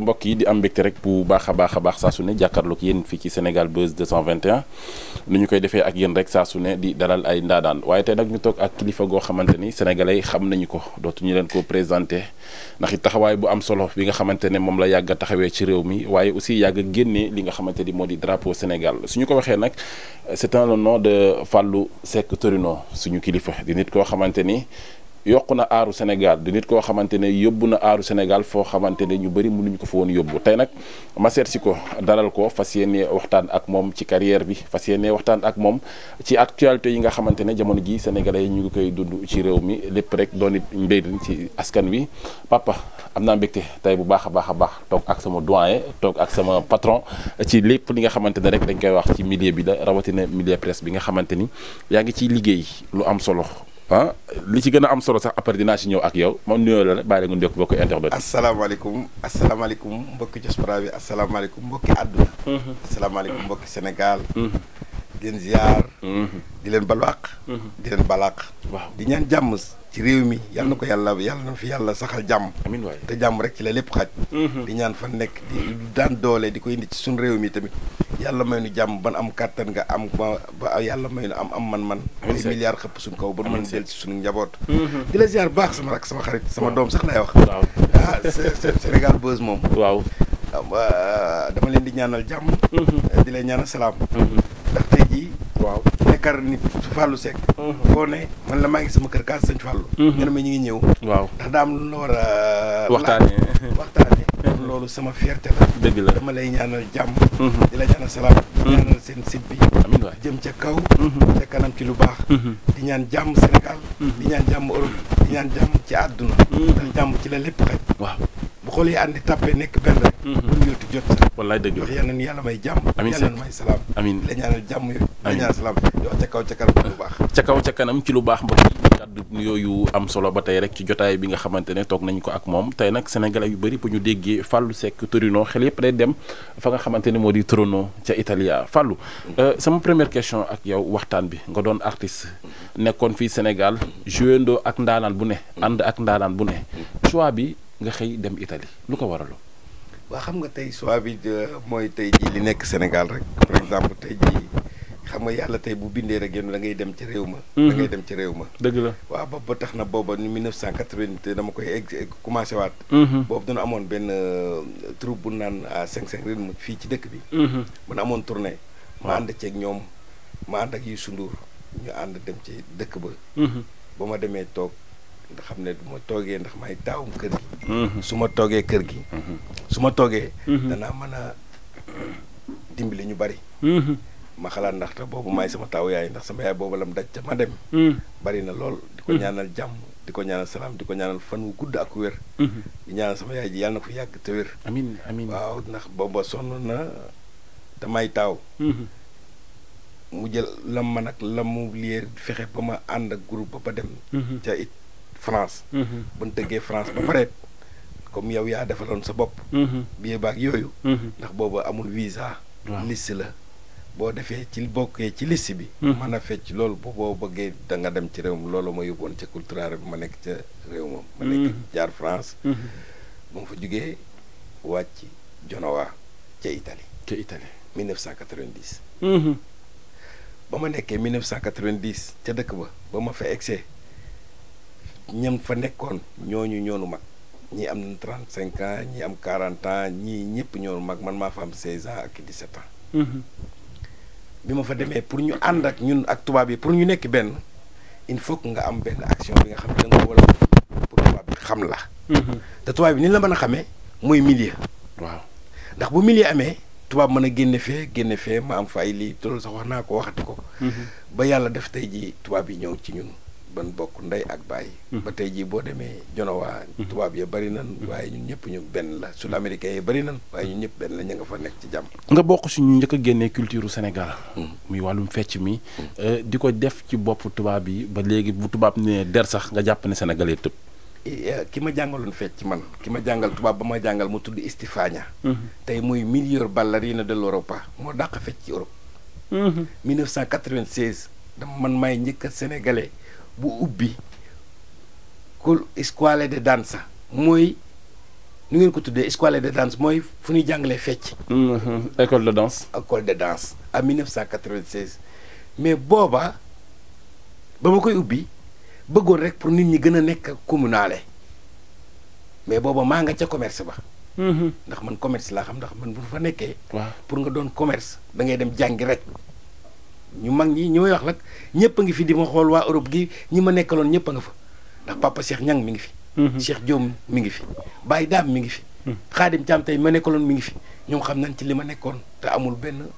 mbokk yi di am mbégte rek bu baax a baax a baax saa su ne jàkkaarloog yéen fii ci Sénégal Buzz 221 nu ñu koy defee ak yéen rek saa su ne di dalal ay ndaadaan waaye tey nag ñu toog ak kilifa goo xamante ni sénégalais xam nañu ko ñu leen ko présenté ndax it taxawaay bu am solo bi nga xamante ne moom la yàgg taxawee ci réew mi waaye aussi yàgg a génnee li nga xamante ni moo di drapeau Sénégal suñu ko waxee nag c'est un nom de Fallou Seck Torino suñu kilifa di nit koo xamante ni yokk na aaru Sénégal di nit koo xamante ne yóbbu na aaru Sénégal foo xamante ne ñu bëri mënuñu ko fa woon yóbbu tey nag ma seet ko dalal ko fas yéene waxtaan ak moom ci carrière bi fas yéene waxtaan ak moom actualité yi nga xamante ne jamono ji sénégalais ñu ngi koy dund ci réew mi lépp rek doon it mbéytin ci askan wi papa am naa mbégte tey bu baax a baax a baax toog ak sama doyen toog ak sama patron ci lépp li nga xamante ne rek dañ koy wax ci milieu bi la rawatina milieu presse bi nga xamante ni yaa ngi ciy liggéey lu am solo ah li ci gën a am solo sax après dinaa si ñëw ak yow moom nuyoo la bàyyi la nga ndékk mbokki internet asalaamaaleykum asalaamaaleykum mbokki diaspora bi asalaamaaleykum mbokki àdduna mhm. asalaamaaleykum mbokki Sénégal mhm. di leen ziar mhm. di leen balwaq di leen balaq di ñaan jàmm ci réew mi yàlla na ko yàlla yàlla na fi yàlla saxal jàmm amiin waay te jàmm rek ci la lépp xaj mhm. di ñaan fa nekk di daan doole di ko indi ci suñu réew mi tamit yàlla may nu jàmm ban am kàttan nga am ba yàlla may nu am am man-man ay milliards xëpp suñ kaw ban mën del ci suñu njaboot mhm. di la ziar baax sama rak sama xarit sama doom sax laay wax ah Sénégal Buzz moom waaw ah, dama leen di ñaanal jàmm mhm. di leen ñaanal salaam yaakaar nit Fallou Seck. Mhm. foo ne man la maa ngi sama kër kaas sëñ Fallou. Mhm. nga ne ma ñu ngi ñëw. waaw ndax daa am lu la war a. waxtaanee waxtaanee. Mhm. loolu sama fierté la. dëgg la dama lay ñaanal jàmm. di la ñaanal salaam. di ñaanal seen site bi. amiin waay jëm ca kaw. ca kanam ci lu baax. di ñaan jàmm Sénégal. di ñaan jàmm Europe di ñaan jàmm ci àdduna. ndax jàmm ci la lépp xaj. waaw. bu xoolee àndi tàppee nekk benn rek. bu mhm. ñu jot na yàlla may jàmm. amiin yal na may salaam. amiin na ñaanal jàmm yooyu. la ñaanal salaam ca kaw ca kanam ci lu baax. ca kaw ca kanam ci lu baax mbokk yi kàddu yooyu am solo ba tey rek ci jotaay bi nga xamante ne toog nañ ko ak moom tey nag sénégalais yu bëri bu ñu déggee Fallou Seck Torino xel yëpp day dem fa nga xamante ne moo di Torino ca Italia Fallou mhm. euh, sama première question ak yow waxtaan bi nga doon artiste nekkoon fii Sénégal joué ak ndaanaan bu ne ànd ak ndaanaan bu ne mhm. nga xëy dem Italie lu ko waraloo. waa xam nga tey choix bi euh, mooy tey jii li nekk Sénégal rek par exemple tey jii xam nga yàlla tey bu bindee rek yéen da ngay dem ci réew ma. da mhm. ngay dem ci ma. dëgg la waaw boobu ba tax na booba ni 1980 dama koy egg commencé waat. Mhm. boobu dana amoon benn euh, troupe bu naan à cinq cinq rythme fii ci dëkk bi. mun mhm. amoon tournée. ma ànd ceeg ñoom ma ànd ak Youssou Ndour ñu ànd dem ci dëkk ba. ba ma demee toog. nga xam ne du ma toogee ndax may taawum kër gi. Mhm. su ma toogee kër gi. Mhm. su ma toogee. Mhm. danaa mën a dimbali ñu bari. ma xalaat ndaxte boobu maay sama taaw yaay ndax sama yaay boobu lam daj ca ma dem. bari na lool di ko ñaanal jàmm. di ko ñaanal salaam di ko ñaanal fan wu gudd ak wér. di sama yaay ji yàlla na ko yàgg te wér. amiin amiin waaw ndax booba sonn na damay taaw. mu jël lam ma nag lam mu liyeer fexe ba ma ànd ak groupe ba dem. ca it. France. Mhm. bu ñu tëggee France ba pare comme yow yaa defaloon sa bopp. bi mhm. billet baag yooyu. Mhm. ndax boobu amul visa. liste la boo defee ci bokkee ci liste bi. mën a fecc loolu boo bëggee da nga dem ci réew mi loolu ma yóbboon ca culturel bi ma nekk ca réew moom. ma nekk jaar France. ba mu fa jugee wàcc Genoa ca Italie. ca ma nekkee 1990 ca dëkk ba ba ma fa egsee. ñam fa nekkoon ñooñu ñoonu mag ñii am trent trente cinq ñii am quarante ans ñii ñëpp ñoonu mag man maa fa am seize ans ak dix sept ans. Mhm. bi ma fa demee pour ñu ànd ak ñun ak tubaab yi pour ñu nekk benn il faut que nga am benn action bi nga xam ne da nga wala pour tubaab bi xam la. Mhm. te tubaab bi ni la mën a xamee mooy milieu. waaw ndax bu milieu amee tubaab mën a génne fee génne fee ma am fa ay lii loolu sax wax naa ko waxati ko. Mhm. ba yàlla def tey ji tubaab yi ñëw ci ñun. ban bokk ndey ak baay. Mhm. ba tey jii boo demee jonowaa mhm. tubaab ya bëri nan mhm. waaye ñun ñëpp ñu benn la sud américain ya bëri nan waaye ñun ñëpp benn la ña nga fa nekk ci jàmm nga bokk suñu njëkk a génnee culture Sénégal muy wàllum fecc mi euh, di ko def ci bopp tubaab yi ba léegi bu tubaab ne der sax nga jàpp ne sénégalais tëb eh, eh, ki ma jàngaloon fecc man ki ma jàngal tubaab ba ma jàngal mu tudd Istifania tey muy meilleure ballerine de l'Europe moo dàq fecc ci Europe 1996 dama man maay njëkk a bu ubbi ku scuole de danse mooy nu ngeen ko tuddee scuole de danse mooy fu ñuy jàngalee fecc école de dance école de danse à 1996 mais booba ba ma koy ubbi bëggoon rek pour nit ñi gën a nekk communale mais booba maa nga ca commerce ba mm-hmm. ndax man commerce laa xam ndax man bu fa nekkee pour nga doon commerce da ngay dem jàngi rek ñu mag ñi ñooy wax nag ñëpp a ngi fi di ma xool waa Europe gi ñi ma nekkaloon ñëpp nga fa ndax papa Cheikh ñan mi ngi fi. Mhm. Cheikh Diom mi ngi fi. Baye Dame mi ngi fi. Xaadim mhm. Caam tey ma nekkaloon mi ngi fi ñoom xam nañ ci li ma nekkoon te amul benn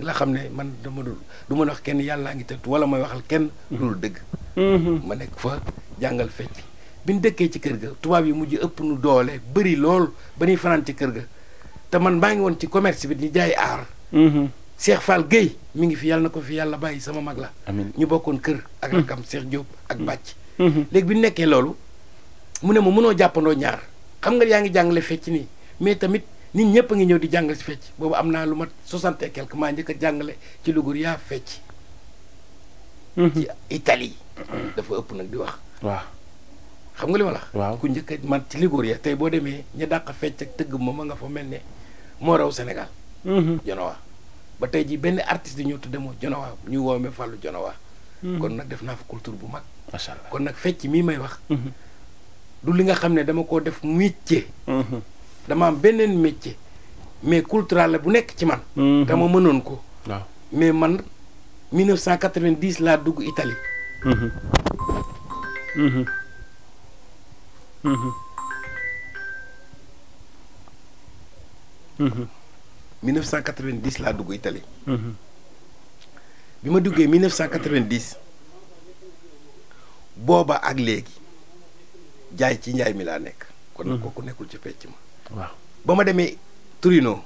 la xam ne man dama dul du ma wax kenn yàllaa ngi tëdd wala may waxal kenn. Mhm. dul dëgg. ma nekk fa jàngal fecc bi ñu dëkkee ci kër ga tubaab yi mujj ëpp nu doole bëri lool ba ñuy fanaan ci kër ga te man baa ngi woon ci commerce bi di jaay aar. Cheikh Fall Guèye mi ngi fi yàlla na ko fi yàlla bàyyi sama mag la. amiin ñu bokkoon kër. ak mm-hmm. rakam Cheikh Diop ak mm-hmm. bàcc. Mm-hmm. léegi bi nekkee loolu mu ne ma mënoo jàppandoo ñaar xam nga yaa ngi jàngale fecc nii mais tamit nit ñëpp ngi ñëw di jàngale si fecc boobu am naa lu mat soixante et quelque maa njëkk a jàngale ci Louga yaa fecc. ci Italie. dafa ëpp nag di waaw xam nga li ma la. waaw ku njëkk a man ci Liguria tey boo demee ña dàq fecc ak tëgg moom ma nga fa mel ne moo raw Sénégal. Jonawa. ba tey jii benn artiste di ñu demoo moo Jonawaa ñu woowee Fallou Jonawaa hmm. kon nag def naa fa culture bu mag. macha kon nag fecc mii may wax. Hmm. du li nga xam ne dama koo def métier. Hmm. dama am beneen métier. mais culturel bu nekk ci man. te ma mënoon ko. mais man 1990 laa dugg Italie. Mm-hmm. 1990 laa dugg Italie. Mhm. bi ma duggee 1990 booba ak léegi jaay ci njaay mi laa nekk. kon nag mhm. kooku nekkul ci pecc ma. waaw ba ma demee Torino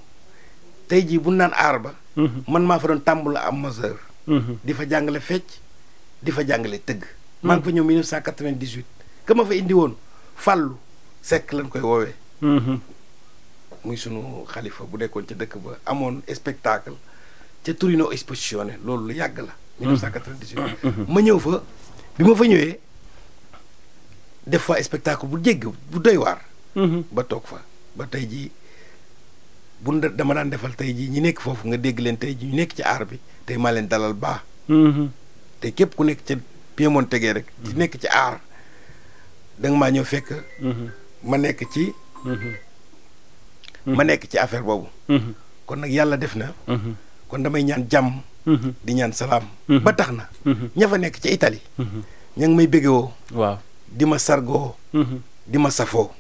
tey jii bu naan aar ba. Mhm. man maa fa doon tàmbul am majeur. di fa jàngale fecc di fa jàngale tëgg. maa ngi fa ñëw 1998 fa indi woon fàllu sekk lañ koy woowee. muy sunu xalifa bu nekkoon ca dëkk ba amoon spectacle ca Torino Exposizione loolu lu yàgg la. 1998. Mm-hmm. Mm-hmm. ma ñëw fa bi ma fa ñëwee def fa spectacle bu jégg bu doy waar. Mm-hmm. ba toog fa ba tey ji bu dama daan defal tey ji ñu nekk foofu nga dégg leen tey jii ñu nekk ci aar bi tey maa leen dalal baax. te képp ku nekk ca Piemonte gee rek. ci nekk ci aar da nga maa ñëw fekk. ma nekk ci. ma nekk ci affaire boobu. Mhm. kon nag yàlla def na. Mhm. kon damay ñaan jàmm. Mhm. di ñaan salaam. ba tax na. ña fa nekk ci itali ña ngi may bégewoo. waaw di ma sargoo. di ma safoo.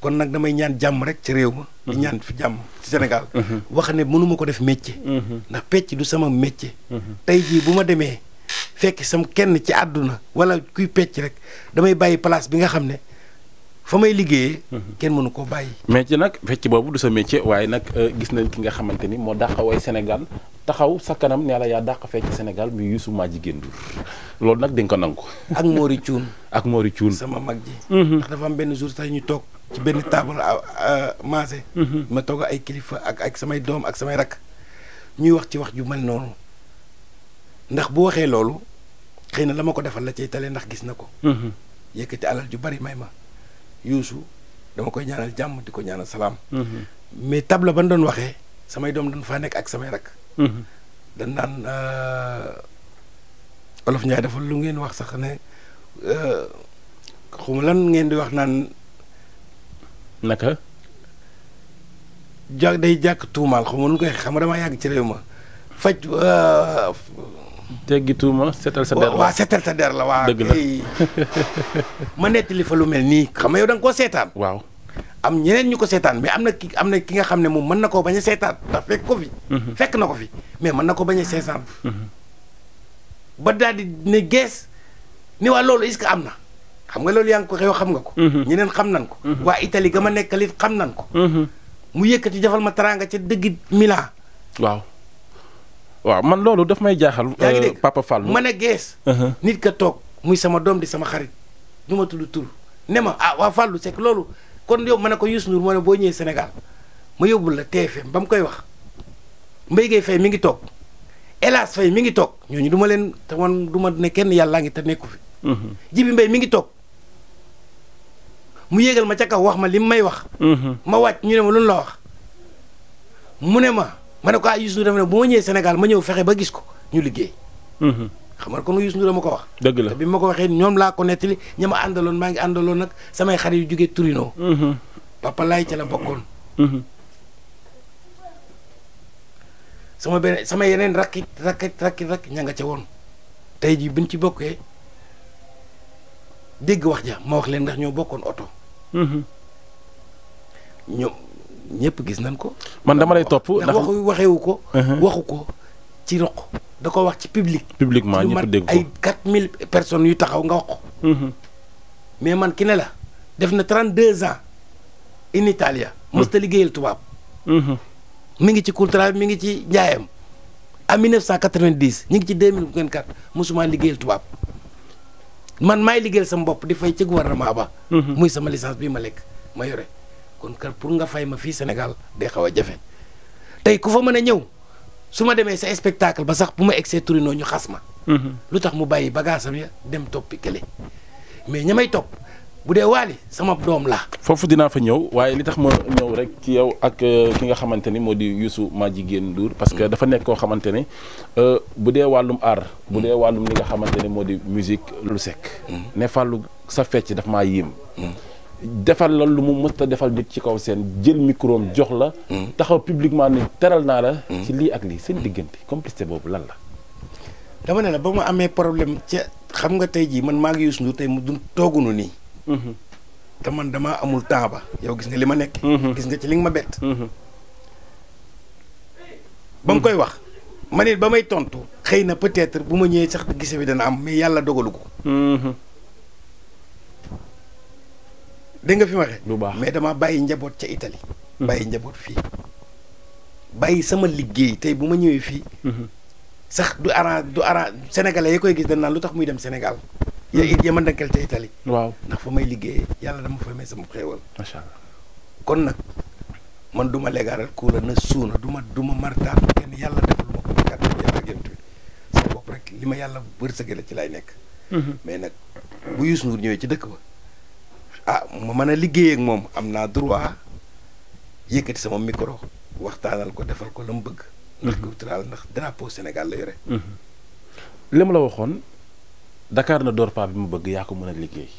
kon nag damay ñaan jàmm rek ci réew ma. di ñaan jàmm ci Sénégal. wax ne mënuma ko def métier. ndax pecc du sama métier. tey jii bu ma demee fekk sam kenn ci àdduna wala kuy pecc rek damay bàyyi place bi nga xam ne. fa may liggéeyee. Mhm. kenn mënu koo bàyyi. mais ci nag fecc boobu du sa métier waaye nag euh, gis nañ ki nga xamante ni moo dàq way Sénégal taxaw sa kanam ne la yaa dàq fecc Sénégal muy Youssou Madjiguène Ndour loolu nag di nga ko nangu. ak Mori Thioune. ak Mori Thioune sama mag ji. Mhm. ndax dafa am benn jour sax ñu toog. ci benn table euh, euh, maase. Mhm. ma toog ay kilifa ak ak samay doom ak samay rakk ñuy wax ci wax ju mel noonu ndax bu waxee loolu xëy na la ma ko defal la cay tale ndax gis na ko. yëkkati alal ju bari may ma. yuusu dama koy ñaanal jàmm di ko ñaanal salaam. Mhm. mais table ban doon waxee samay doom dañ faa nekk ak samay rak. Mhm. dañ naan euh, olof Ndiaye dafa lu ngeen wax sax ne euh, xaw ma lan ngeen di wax naan. naka. ja day jàkk tuumaal xaw ma nu koy xam dama yàgg ci réew ma faj. Euh, teggi tuuma sa der la waaw setal sa der la waaw. dëgg la ma nettali fa lu mel nii xam nga yow da koo seetaan. waaw am ñeneen ñu ko seetaan mais am na ki am na ki nga xam ne moom mën na koo bañ a seetaan ndax fekk ko fi. Mhm. fekk na ko fi mais mën na ko bañ a seetaan. Mhm. ba daal di gees ni waa loolu est-ce que am na. xam nga loolu yaa ngi ko yow xam nga ko. Mhm. ñeneen xam nan ko. waa Italie ga ma nekkalit xam nan ko. mu yëkkati defal ma teraanga ca dëgg Milan. waaw. waaw man loolu daf may jaaxal. yaa ngi euh, dégg Papa Fall ma ne gees. Uh-huh. nit ka toog muy sama doom di sama xarit du ma tudd tur ne ma ah waa Fallou Seck loolu kon yow ma ne ko Youssou Ndour moo ne boo ñëwee senegal ma yóbbul la TFM ba mu koy wax mbay Gueye Faye mi ngi toog Elas Faye mi ngi toog ñooñu du ma leen te man du ma ne kenn yàllaa ngi te nekku fi. Uh-huh. Jibi mbay mi ngi toog mu yéegal ma ca kaw wax ma li mu may wax. Uh-huh. ma wàcc ñu ne ma lu la wax mu ne ma. ma ne ko ah Youssou Ndour dafa ne bu ñëwee Sénégal ma ñëw fexe ba gis ko ñu liggéey. Mhm. xam nga kon Youssou Ndour dama ko wax. dëgg la te bi ma ko waxee ñoom laa ko nettali ña ma àndaloon maa ngi àndaloon nag samay xarit yu jógee Torino. Mhm. papa laay ca la bokkoon. Mhm. sama beneen sama yeneen rakki rakki rakki rakk ña nga ca woon. tey jii buñ ci bokkee dégg wax ja ma wax leen ndax ñoo bokkoon oto. ñëpp gis nañ ko. man dama lay topp ndax waxu waxewu ko. Uh-huh. waxu ko ci roq da ko wax ci public. publiquement ñëpp dégg ko ay 4000 personnes yu taxaw nga wax uh-huh. mais man ki ne la def na 32 ans in Italia. Uh-huh. mësta liggéeyal tubaab. mi ngi ci bi mi ngi ci njaayam à 1990 ñu ngi ci 2024 mosuma liggéeyal tubaab man maay liggéeyal sama bopp di fay ci gouvernement ba. muy sama licence bii ma lekk ma yore. kon kër pour nga fay ma fii Sénégal day xaw a jafe tey ku fa mën a ñëw su ma demee sa spectacle ba sax bu ma egg egsee turinoo ñu xas ma. Mhm. lu tax mu bàyyi bagaasam ya dem toppi kële mais ña may topp bu dee waali sama doom la foofu dinaa fa ñëw waaye li tax ma ñëw rek ci yow ak euh, ki nga xamante ni moo di Youssou jigéen Ndour parce que mm. dafa nekk koo xamante ne euh, bu dee wàllum aar bu mm. dee wàllum li nga xamante ne moo di musique lu sekk. Mm. ne fàllu sa fecc daf maa yéem. defal la lu mu mësta defal nit ci kaw seen jël micro jox la. Hmm. taxaw publiquement ni teral naa la. Hmm. ci lii ak lii seen diggante complicité boobu lan la. dama ne la ba mu amee problème ca xam nga tey jii man maa ngi Youssou Ndour tey mu dun toogunu nii. Hmm. te man damaa amul temps ba. yow gis nga li ma nekk. gis nga ci li nga ma bett. ba mu koy wax. man it ba may tontu. xëy na peut-être bu ma ñëwee sax gise bi dana am mais yàlla dogalu ko. dégg nga fi ma waxee. lu baax mais dama bàyyi njaboot ca Italie. Hmm. bàyyi njaboot fii bàyyi sama liggéey tey bu ma ñëwee fii. Hmm. sax du arrange du arrange sénégalais yi koy gis dañ naan lu tax muy dem Sénégal. ya it hmm. ya ma ca Italie. waaw ndax fa may liggéeyee yàlla dama fa may sama xéewal. macha allah kon nag man du ma legaaral kuula na du ma du ma martaan kenn yàlla defal ma ko kàddu li ma yàlla wërsëgale ci lay nekk. mais nag bu Youssou Ndour ñëwee ci dëkk ba. ah mu mën a liggéey ak moom am naa droit yëkkati sama micro waxtaanal ko defal ko la mu bëgg. ndax mhm. cultural ndax drapeau la yore. Mhm. li ma la waxoon Dakar na door paa bi mu bëgg yaa ko mën a liggéey.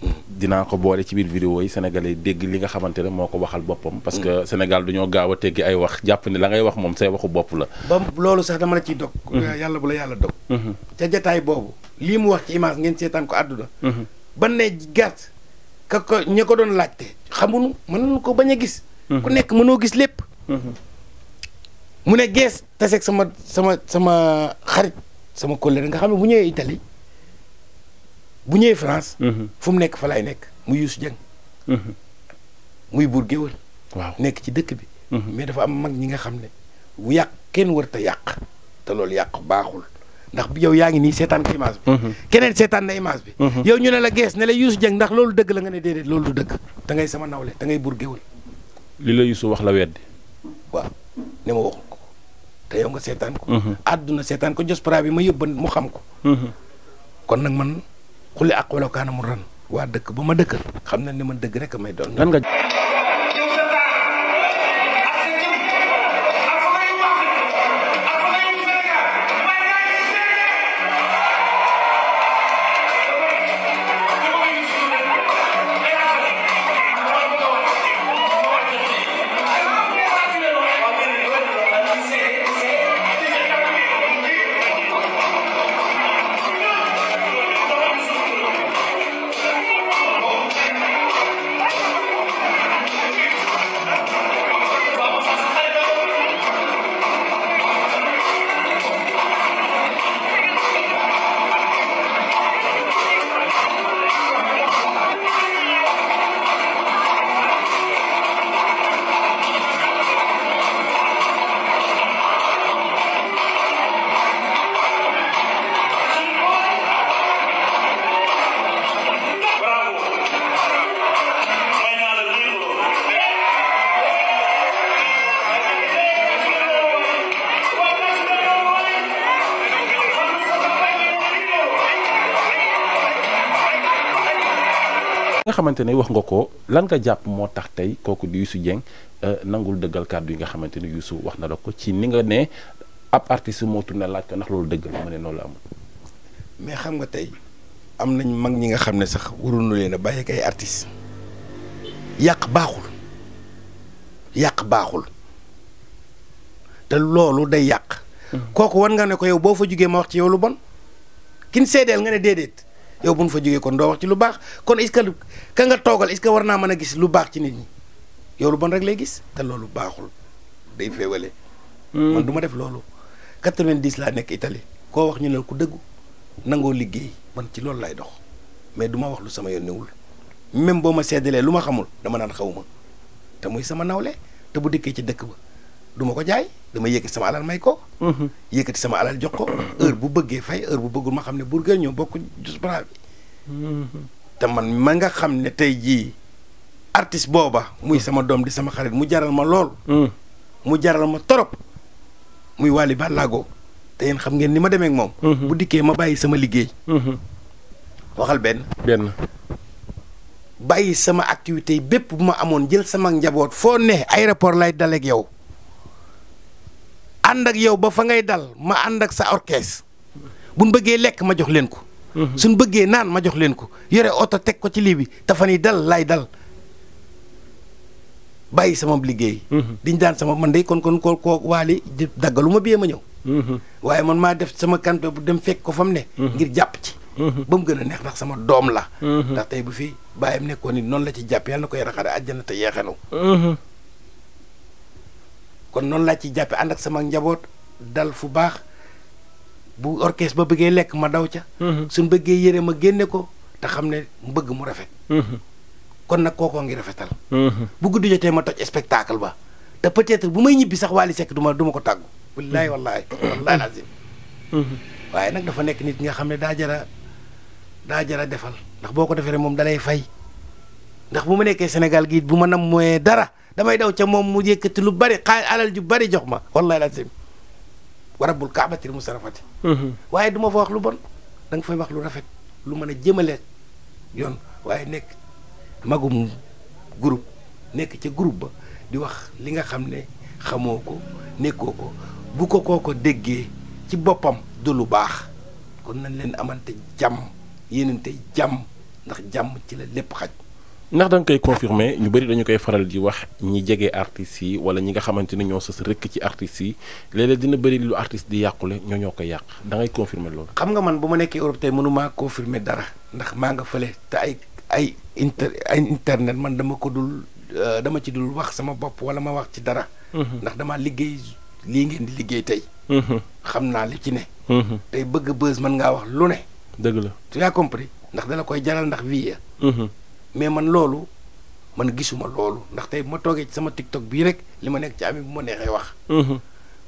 Mhm. dinaa ko boole ci biir vidéo yi sénégalais dégg li nga xamante ne moo ko waxal boppam. parce que Sénégal dañoo gaaw a teggi ay wax jàpp ne la ngay wax moom say waxu bopp la. ba loolu sax dama la ciy dog. Euh, yàlla bu la yàlla dog. ca jataay boobu lii mu wax ci image ngeen seetaan ko àdduna. ka ko ña ko doon laajte xamuñu mënuñu ko bañ a gis. Mhm. ku nekk mënoo gis lépp. Mhm. mu ne gees taseeg sama sama sama xarit sama collègue nga xam ne bu ñëwee Italie bu ñëwee France. Mhm. fu mu nekk fa laay nekk mu Youssou Dieng. muy buur géwël. waaw nekk ci dëkk bi. mais dafa am mag ñi nga xam ne yàq kenn warta yàq te loolu yàq baaxul. ndax yow yaa ngi nii seetaan ko image bi mhm. keneen seetaan na image bi mhm. yow ñu ne la gees ne la Youssou Dieng ndax loolu dëgg la nga ne déedéet loolu dëgg da ngay sama nawle da ngay bur géwal li la Youssou wax la weddi waaw ne ma waxul ko te yow nga seetaan ko mhm. àdduna seetaan ko jospra bi ma yóbban mu xam ko kon nag man xulli ak wolokaana mu ran waa dëkk ba ma dëkkal xam na ne man dëgg rek a may doon lan nga xamante ne wax nga ko lan nga jàpp moo tax tey kooku di Youssou Dieng euh, nangul dëggal kàddu yi nga xamante ne Youssou wax na la ko ci ni nga ne ab artiste moo na laaj ko ndax loolu dëgg la ma ne loolu amul. mais xam nga tey am nañ mag ñi nga xam ne sax waroon na leen a bàyyi ak ay yàq baaxul yàq baaxul te loolu day yàq. Mm-hmm. kooku war nga ne ko yow boo fa jugee ma wax ci yow lu bon. kin seedeel nga ne déedéet. yow bu ñu fa jógee kon doo wax ci lu baax kon est-ce ka nga toogal est-ce que war naa mën a gis lu baax ci nit ñi yow lu bon rek lay gis te loolu baaxul day féewale. Hmm. man du def loolu. 90 laa nekk Italie koo wax ñu ne ku dëggu nangoo liggéey man ci loolu lay dox mais du ma wax lu sama yoon newul même boo ma seddalee lu ma xamul dama naan xaw ma te muy sama nawle te bu dikkee ci dëkk ba. du ma ko jaay dama yëkkati sama alal may ko. Mhm. yékkati sama alal jox ko. heure bu bëggee fay heure bu bëggul ma xam ne burger ñoo bokk jus bras bi. Mhm. te man ma nga xam ne tey jii artiste booba. muy sama doom di sama xarit mu jaral ma lool. Mhm. mu jaral ma torop muy Wally Ballago te yéen xam ngeen ni ma demee ak moom. bu dikkee ma bàyyi sama liggéey. waxal benn. benn. bàyyi sama activité bépp bu ma amoon jël sama njaboot foo ne aéroport lay daleek yow. ànd ak yow ba fa ngay dal ma ànd ak sa orchestre buñ bëggee lekk ma jox leen ko. Mhm. suñ bëggee naan ma jox leen ko yore oto teg ko ci lii bi dafa ni dal laay dal bàyyi sama liggéey. Mhm. diñ daan sama man de kon kon ko koo waali daggalu ma bee ma ñëw. Mhm. waaye man maa def sama kanto bu dem fekk ko fa mu ne. ngir jàpp ci. ba mu gën a neex ndax sama doom la. ndax tey bu fi bàyyam nekkoon ni noonu la ci jàpp yàlla na ko yaraxare àjjana te yeexanu kon noonu laa ci jàppe ànd ak sama njaboot dal fu baax bu orchestre ba bëggee lekk ma daw ca mhm. suñ bëggee yére ma génne ko te xam ne mbëgg mu rafet mhm. kon nag kookoo ngi rafetal mhm. bu guddi ma toj ba te peut-être bu may ñibbi sax Wally Seck duma ma du ma ko tàggu wallaay wallaay wallaay lazim waaye nag dafa nekk nit nga xam ne daa jara daa jara defal ndax boo ko defee moom dalay fay ndax bu ma nekkee Sénégal gii bu ma nam mooy dara damay daw ca moom mu yëkkati lu bari xaa alal ju bari jox ma wallahi lazim wa rabbul kaabatil musarafati mhm. waaye du ma fa wax lu bon danga nga fay wax lu rafet lu mën a jëmale yoon waaye nekk magum groupe nekk ca groupe ba di wax li nga xam ne xamoo ko nekkoo ko bu ko ko déggee ci boppam du lu baax kon nañ leen amante jàmm yéenante jàmm ndax jàmm ci la lépp xaj ndax da koy confirmer ñu bëri dañu koy faral di wax ñi jege artistes yi wala ñi nga xamante ni ñoo sës rëkk ci artistes yi léeg-léeg dina bëri lu artiste di yàqule ñoo ñoo ko yàq da ngay confirmer loolu. xam nga man bu ma nekkee Europe tey mënu maa confirmer dara ndax maa nga fële te ay ay inter ay internet man dama ko dul euh, dama ci dul wax sama bopp wala ma wax ci dara. Mhm. ndax damaa liggéey lii ngeen di liggéey tey. Mhm. xam naa li ci ne. Mhm. tey bëgg buzz man ngaa wax lu ne. dëgg la tu as ndax dala koy jaral ndax vie. mais man loolu man gisuma loolu ndax tey ma toogee ci sama tiktok bii rek li ma nekk ci ami bu ma neexee wax. Mhm.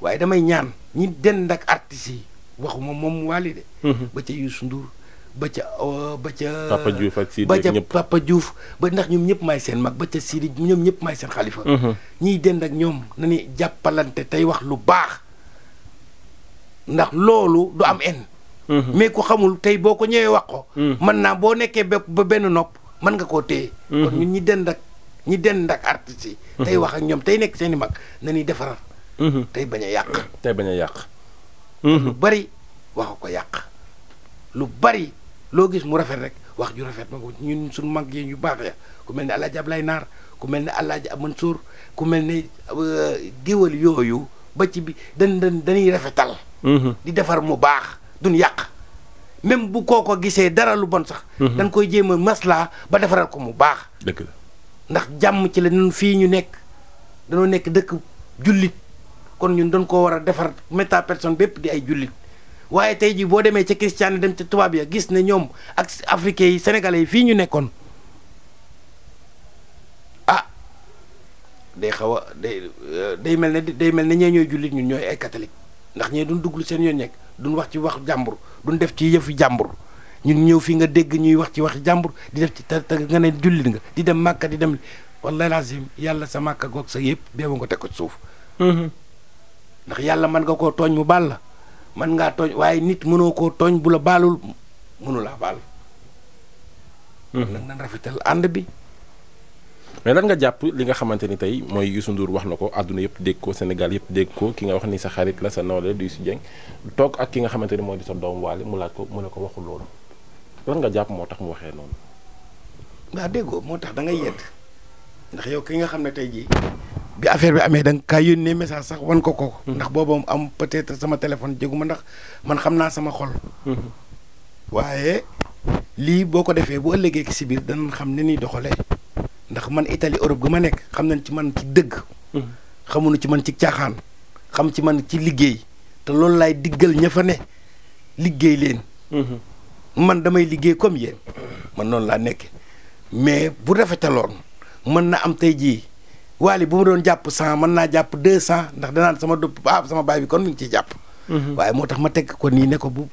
waaye damay ñaan ñi dend ak artistes yi waxuma moom Wally de. Mhm. ba ca Youssou Ndour ba ca euh, ba ca. Papa Diouf ba ca Papa Diouf ba ndax ñoom ñëpp maay seen mag ba ca Sidi ñoom ñëpp maay seen xalifa. Mhm. ñiy dend ak ñoom na ni jàppalante tey wax lu baax ndax loolu du am en mais ku xamul tey boo ko ñëwee wax ko. mën naa boo nekkee ba benn nopp. mën nga koo téye. Mhm. kon ñun ñi dend ak ñi dend ak artistes yi. Mhm. tey wax ak ñoom tey nekk seeni mag na ñuy defaral. Mhm. tey bañ a yàq. tey bañ a yàq. lu bari wax ko yàq lu bari loo gis mu rafet rek wax ju rafet ma ko ñun suñu mag yi yu baax ya ku mel ni El Hadj Ablaye Naar ku mel ni ne El Hadj Mansour ku mel ni euh, diwal yooyu ba ci bi dañ dañuy rafetal. di defar mu baax duñ yàq. même bu koo ko gisee dara lu bon sax. Mhm. dañ koy jéem a maslaa ba defaral ko mu baax. dëgg ndax jàmm ci la ñun fii ñu nekk dañoo nekk dëkk jullit kon ñun dañ koo war a defar méta personne bépp di ay jullit waaye tey jii boo demee ci christian dem ca tubaab ya gis ne ñoom ak africains yi sénégalais yi fii ñu nekkoon a ah, day xaw a day euh, day mel ne day mel ne ñee ñooy jullit ñun ñooy ay catholique. ndax ñee duñ dugg seen yoon nekk duñ wax ci wax jàmbur duñ def ci yëfu jàmbur ñun ñëw fii nga dégg ñuy wax ci wax jàmbur di def ci te te nga ne jullit nga di dem màkka di dem wallahi lazim yàlla sa màkka goog sa yëpp beewu nga teg ko ci suuf mm-hmm. ndax yàlla mën nga koo tooñ mu baal la mën ngaa tooñ waaye nit mënoo koo tooñ bu la baalul mënu laa baal mm-hmm. nag nan rafetal ànd bi mais lan nga jàpp li nga xamante ni tey mooy Youssou Ndour wax na ko àdduna yëpp dégg ko Sénégal yëpp dégg ko ki nga wax ni sa xarit la sa nawle du si jeng toog ak ki nga xamante ni mooy di sa doom waale mu laaj ko mu ne ko waxul loolu lan nga jàpp moo tax mu waxee noonu. waaw déggoo moo tax da ngay yedd ndax yow ki nga xam ne tey jii bi affaire bi amee da nga kaa yónnee message sax wan ko ko. Hmm. ndax boobu am peut-être sama téléphone jéguma ndax man xam naa sama xol. Hmm. lii boo ko defee bu ëllëgee si biir danañ xam ni ñuy doxalee. ndax man Italie Europe gu ma nekk xam nañ ci man ci dëgg. Mm-hmm. xamuñu ci man ci caaxaan. xam ci man ci liggéey te loolu laay diggal ña fa ne liggéey leen. Mm-hmm. man damay liggéey comme yéen man noonu laa nekk mais bu rafetaloon mën na am tey jii waali bu ma doon jàpp cent man naa jàpp deux cent ndax danaan sama dëpp ah sama baay bi kon mi ngi ciy jàpp. Mm-hmm. waaye moo tax ma teg ko nii ne ko bu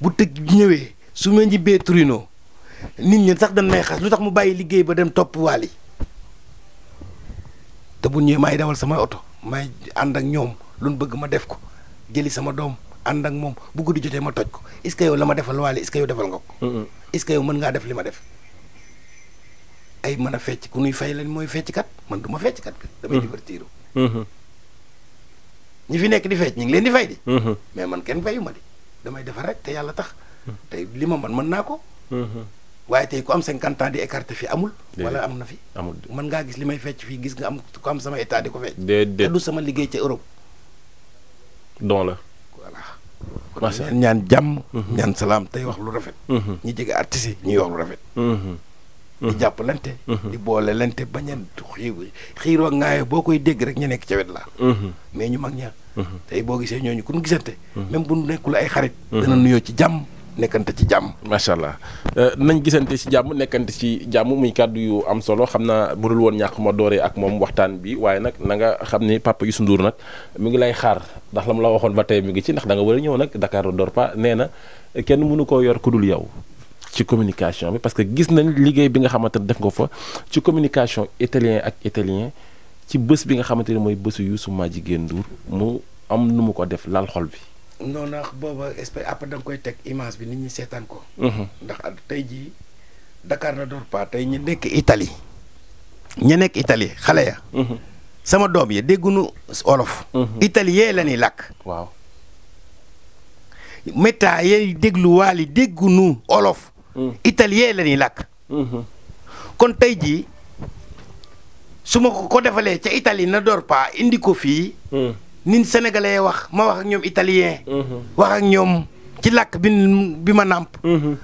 bu tëj ñëwee su ma ñibbee turino nit ñi sax dañ may xas lu tax mu bàyyi liggéey ba dem topp waal yi te bu ñëwee maay dawal sama oto maay ànd ak ñoom lu bëgg ma def ko jëli sama doom ànd ak moom bu guddi jotee ma toj ko est yow la ma defal waali est-ce yow defal nga ko. iska yow mën ngaa def li ma def ay mën a fecc ku nuy fay leen mooy fecc kat man du ma fecc kat. damay mm-hmm. divertiru mm-hmm. ñi fi nekk di fecc ñu ngi leen di fay di. Mm-hmm. mais man kenn fayu ma di damay defar rek te yàlla tax. tey li ma man mën naa ko. waaye tey ku am cinquante ans di écarté fii amul. wala am na fi. amul mën ngaa gis li may fecc fii gis nga am ko am sama état di ko fecc. te du sama liggéey ca Europe. don la. voilà. kon ñaan jàmm. Mhm. ñaan salaam tey wax lu rafet. Mhm. ñi jege artistes yi ñuy wax lu rafet. Mhm. di jàpp lante. di boole lante bañ a xiiroo ŋaayo boo koy dégg rek ñu nekk ca wet la mais ñu mag ña. tey boo gisee ñooñu ku ñu gisante. même bu nekkul ay xarit. dana nuyoo ci jàmm. nekkante ci jàmm. macha allah euh, nañ gisante ci jàmm nekkante ci jàmm muy kàddu yu am solo xam naa dul woon ñàkk ma dooree ak moom waxtaan bi waaye nag na nga xam ni papa Youssou sunduur nag mu ngi lay xaar ndax la mu la waxoon ba tey mi ngi ci ndax da nga war a ñëw nag dakaaru ne dort pas nee na kenn mënu koo yor ku dul yow ci communication bi parce que gis nañ liggéey bi nga xamante ne def nga fa ci communication italien ak italien ci bës bi nga xamante ne mooy bésu Youssou Madjiguène Ndour mu am nu mu ko def lal xol bi. non ndax booba espèce après koy teg image bi nit ñi seetaan ko. Mhm. ndax tey jii Dakar na door tey ñu nekk itali ñu nekk Italie xale ya. Mhm. sama doom yi déggunu olof. Mhm. italien la ñuy làkk. waaw olof. italien la ñuy làkk. kon tey ji su ma ko defalee ca itali na door indi ko fii. nin sénégalais wax ma wax ak ñoom italien. Mhm. wax ak ñoom ci làkk bi bi ma nàmp. Mhm.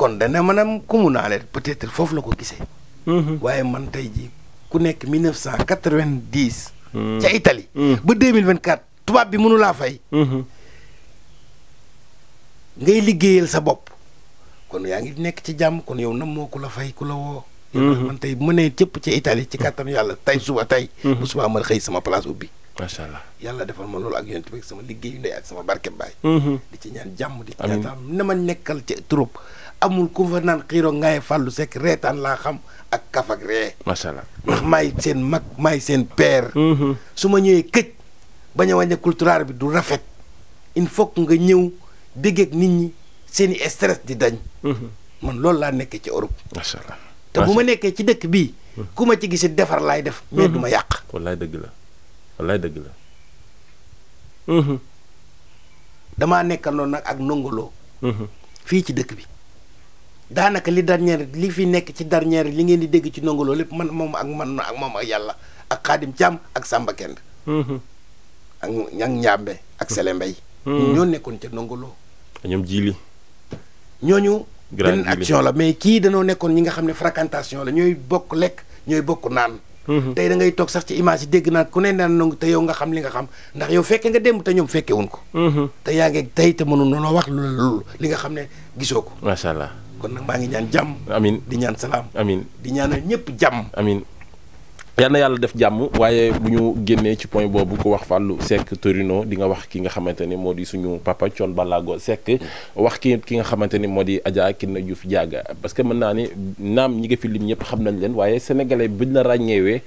kon dana maanaam communale peut-être foofu la ko gisee. Mhm. waaye man tey ji ku nekk 1990. ca itali ba 2024 tubaab bi mënu laa fay. ngay liggéeyal sa bopp. kon yaa ngi nekk ci jàmm kon yow nam moo ku la fay ku la woo. man tey bu ma cëpp ca itali ci kàttanu yàlla tey suba tey. bu suba ma xëy sama place ubbi. macha allah yàlla defal ma loolu ak yonent bi sama liggéeyu ndey ak sama barke baay. Mhm. di ci ñaan jàmm di ci ñaan tam na ma nekkal ci troupe amul ku fa naan xiiroo ngaay fàllu sekk reetaan xam ak kaf ak ree. macha seen mag maay seen père. Mhm. su ma ñëwee këj bañ a wàññi bi du rafet il faut nga ñëw déggeek nit ñi seen i di dañ. Mhm. man loolu laa nekkee ci Europe. macha allah te bu ma nekkee ci dëkk bii. ku ma ci gisi defar laay def. mais du ma yàq. wallaay dëgg la. wallaay dëgg la. Mm-hmm. damaa nekkaloon nag ak nongoloo. Mm-hmm. fii ci dëkk bi. daanaka li dernier li fi nekk ci dernier li ngeen di dégg ci nongoloo lépp man moom ak man ak moom ak yàlla ak xaadim Thiam ak Samba Kend. Mm-hmm. ak ñang Njàmbe ak Sele Mbay. ñoo nekkoon ca nongoloo. ñoom jiili. ñooñu. beneen action la mais kii danoo nekkoon ñi nga xam ne fréquentation la ñooy bokk lekk ñooy bokk naan. Mm-hmm. tey da ngay toog sax ci image yi dégg naa ku ne naan nangu te yow nga xam li nga xam ndax yow fekke nga démb te ñoom fekke wuñ ko mm-hmm. te yaa ngi tey te mënu noo wax lu loolu li nga xam ne gisoo ko macha allah kon maa ngi ñaan jàmm amin di ñaan salaam amin di ñaanal ñëpp jàmm amin yal yàlla def jàmm waaye bu ñu génnee ci point boobu ko wax Fallou Seck Torino di nga wax ki nga xamante ni moo di suñu papa Thione Ballago Seck wax ki ki nga xamante ni moo di Adja Kine Diouf Diaga parce que mën naa ni naam ñi nga fi lim ñëpp xam nañ leen waaye sénégalais buñ la ràññeewee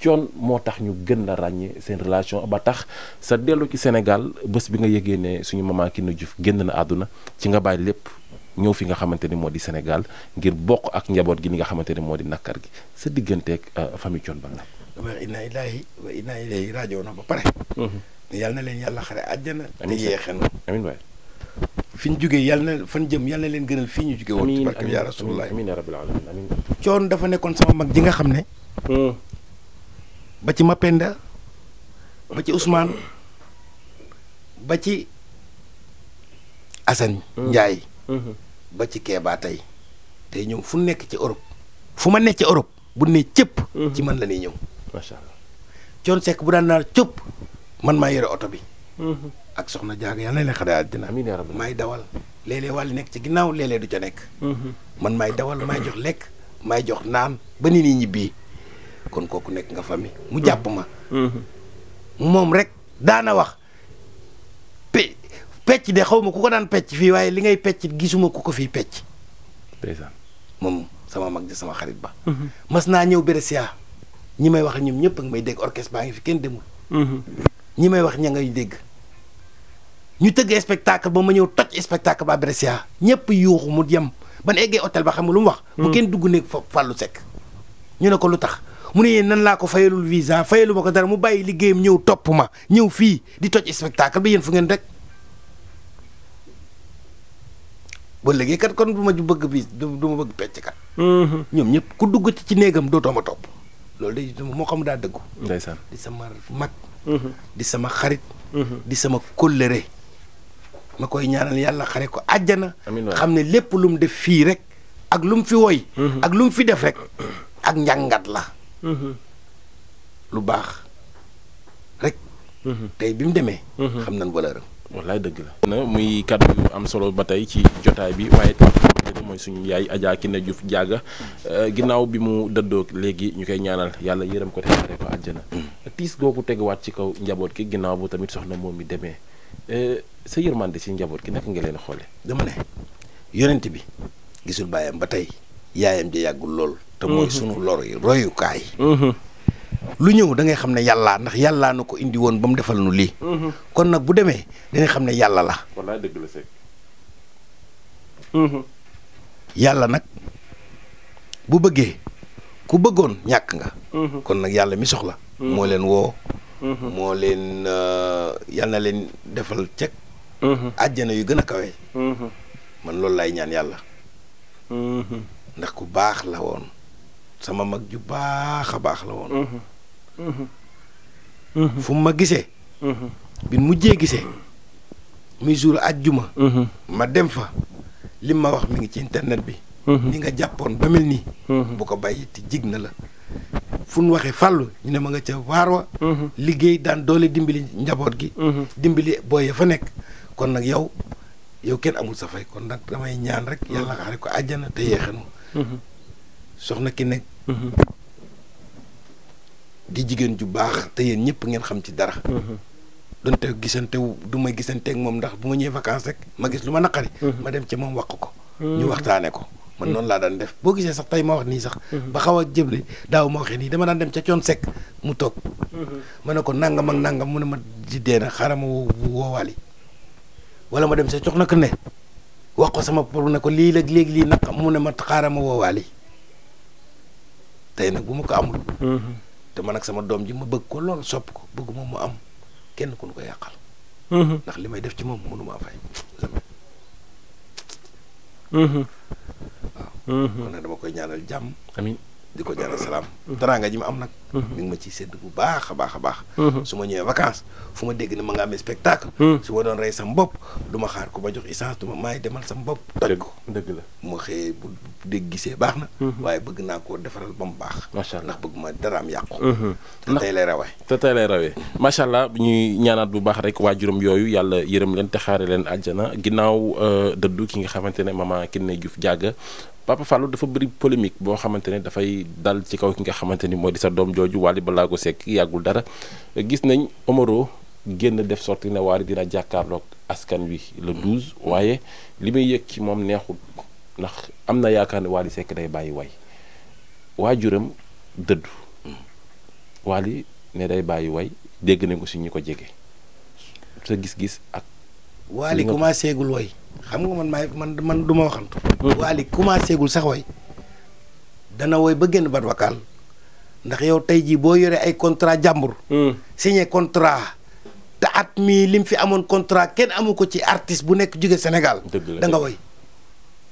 Thione moo tax ñu gën la ràññee seen relation ba tax sa dellu ci Sénégal bés bi nga yëgee ne suñu maman Kine Diouf génn na àdduna ci nga bàyyi lépp ñëw fi nga xamante ni moo di senegal ngir bokk ak njaboot gi li nga xamante ni moo di nakkar gi sa digganteeg euh, famille Thione Balla wa inna ilaahi wa inna ilayhi rajo na ba pare ne mhm. na leen yàlla xare àjjana te yeexe na amiin ñu jógee yàlla na jëm yàlla na leen gënal fii ñu jóge woon ci barkam yaa rasulullah amiin yaa rabbil alamin amiin dafa nekkoon sama mag ji nga xam ne hmm. ba ci Mapenda ba ci Ousmane ba ci Assane hmm. Ndiaye hmm. ba ci keebaa tey tey ñëw fu nekk ci Europe fu ma nekk ci Europe bu ne cëpp mhm. ci man la ñuy ñëw macha coon sekk bu daan naar cëpp man maa yore oto bi mhm. ak soxna jaaga yàlla na leen xadaa àddina maay dawal léeg-léeg wàll nekk ci ginnaaw léeg-léeg du ca nekk mhm. man maay dawal maay jox lekk maay jox naan ba ni nii ñibbi kon kooku nekk nga famille mu jàpp ma moom rek daana wax pecc de xaw ma ku ko daan pecc fii waaye li ngay pecc gisuma ku ko fii pecc. moom sama mag di sama xarit ba. Mhm. mas naa ñëw Bérésia ñi may wax ñoom ñëpp a ngi may dégg orchestre baa ngi fi kenn demul. Mhm. ñi may wax ña ngay dégg. ñu tëgg spectacle ba ma ñëw toj spectacle ba Bérésia ñëpp yuuxu mu yem ban eggee hôtel ba xam nga lu mu wax. bu mhm. kenn dugg néeg fa fàllu sekk. ñu ne ko lu tax mu ne nan laa ko fayalul visa fayalu ma ko dara mu bàyyi liggéeyam ñëw topp ma ñëw fii di toj spectacle bi yéen fu ngeen rek. ba léegi kon du ma bëgg bis duma bëgg pecc kat. Mhm. ñoom ñëpp ku dugg ci néegam dootoo ma topp. loolu day moo xam daa dëggu. ndeysaan di sama mag. Mhm. di sama xarit. Mhm. di sama kóllëre. ma koy ñaanal yàlla xare ko àjjana. xam ne lépp lu mu def fii rek. ak lu mu fi woy. ak lu mu fi def rek. ak njàngat la. lu baax rek. tey bi mu demee. xam nañ valeur am wallaay dëgg la. muy kàddu yu am solo ba tey ci jotaay bi waaye tamit mooy suñu yaay Adja Kiné Diouf Diaga euh, ginnaaw bi mu dëddoo léegi ñu koy ñaanal yàlla yërëm ko te xaare ko àjjana. tiis googu teguwaat ci kaw njaboot ki ginnaaw bu tamit soxna moom mi demee euh, sa yërmande si njaboot gi nekk nga leen xoole dama ne yonent bi gisul baayam ba tey yaayam di yàggul lool. te mooy mhm. sunu lor yi royukaay. Mhm. lu ñëw da ngay xam ne yàllaa ndax yàllaa na ko indi woon ba mu defal nu lii. Mhm. kon nag bu demee dangay xam ne yàlla la. wallaay dëgg la mhm. yàlla nag bu bëggee ku bëggoon ñàkk nga. Mhm. kon nag yàlla mi soxla. moo leen woo. moo leen euh, yal na leen defal cek. àjjana yu gën a kawe. man loolu laay ñaan yàlla. ndax ku baax la woon. sama mag ju baax a baax la woon. Mhm. Mhm. Mhm. fu ma gisee. bi mujjee gisee. muy jour àjjuma. ma dem fa lim ma wax mi ngi ci internet bi. ni nga jàppoon ba mel nii. bu ko bàyyi te jig na la. fu nu waxee fàllu ñu ne ma nga ca waar wa. liggéey daan doole dimbali njaboot gi. dimbali booy ya fa nekk kon nag yow yow kenn amul sa fay kon nag damay ñaan rek yàlla xaare ko àjjana te yeexanu soxna ki nekk Mm-hmm. di jigéen ju baax te yéen ñëpp ngeen xam ci dara. Mm-hmm. donte gisante wu du ma gisanteeg moom ndax bu ma ñëwee vacances rek ma gis lu ma naqari. Mm-hmm. ma dem ci moom wax ko. ñu waxtaanee ko. man noonu laa daan def boo gisee sax tey ma wax nii sax. ba xaw a jëble daaw ma waxee nii dama daan dem ca coon sekk mu toog. ma ne ko nangam ak nangam mu ne ma di na nag xaaral ma woowaali wala ma dem sa cox na ne wax ko sama pour ne ko lii la léegi lii nag mu ne ma xaaral ma woowaali tey nag bu ma ko amul. Mhm. te man ak sama doom ji ma bëgg ko lool sopp ko bëgguma mu am kenn ku nu ko yàqal. Mhm. ndax li may def ci moom mënuma fay. Mhm. waaw. kon dama koy ñaanal jàmm. di ko jaral salaam. teraanga ji ma am nag. Mhm. mi ma ciy sédd bu baax a baax a baax. Mhm. su ma ñëwee vacances fu ma dégg ne ma nga amee spectacle. Mhm. su ma doon rey sa mbopp du xaar ko ma jox essence du ma maay demal sam bopp. toj ko dëgg la mu xëyee gisee baax na. waaye bëgg naa koo defaral ba mu baax. macha allah ndax bëgg ma dara am yàqu. te tey lay rawee. te tey lay rawee ñuy ñaanaat bu baax rek waa juróom yooyu yàlla yërëm leen te xaare leen àjjana ginnaaw euh, dëddu ki nga xamante ne ma maman Kiné Diouf Diaga Papa Fallou dafa bëri polémique boo xamante ne dafay dal ci kaw ki nga xamante ni mooy di sa doom jooju balaa ko sekk yàggul dara gis nañ Omaro génn def sorti ne Wally dina jàkkaarlook askan wi le 12 waaye li muy yëg ci moom neexul ndax am na yaakaar ne Wally sekk day bàyyi way waajuram dëddu Wally ne day bàyyi way dégg nañ ko si ñu ko jege sa gis-gis ak. Wally commencé gul way xam nga man maay man man du ma waxantu. Wally commencé gul sax way dana woy ba génn bat wakaal ndax yow tey jii boo yoree ay contrat jàmbur. Hmm. signé contrat. te at mii lim fi amoon contrat kenn amu ko ci artiste bu nekk jóge Sénégal. da nga woy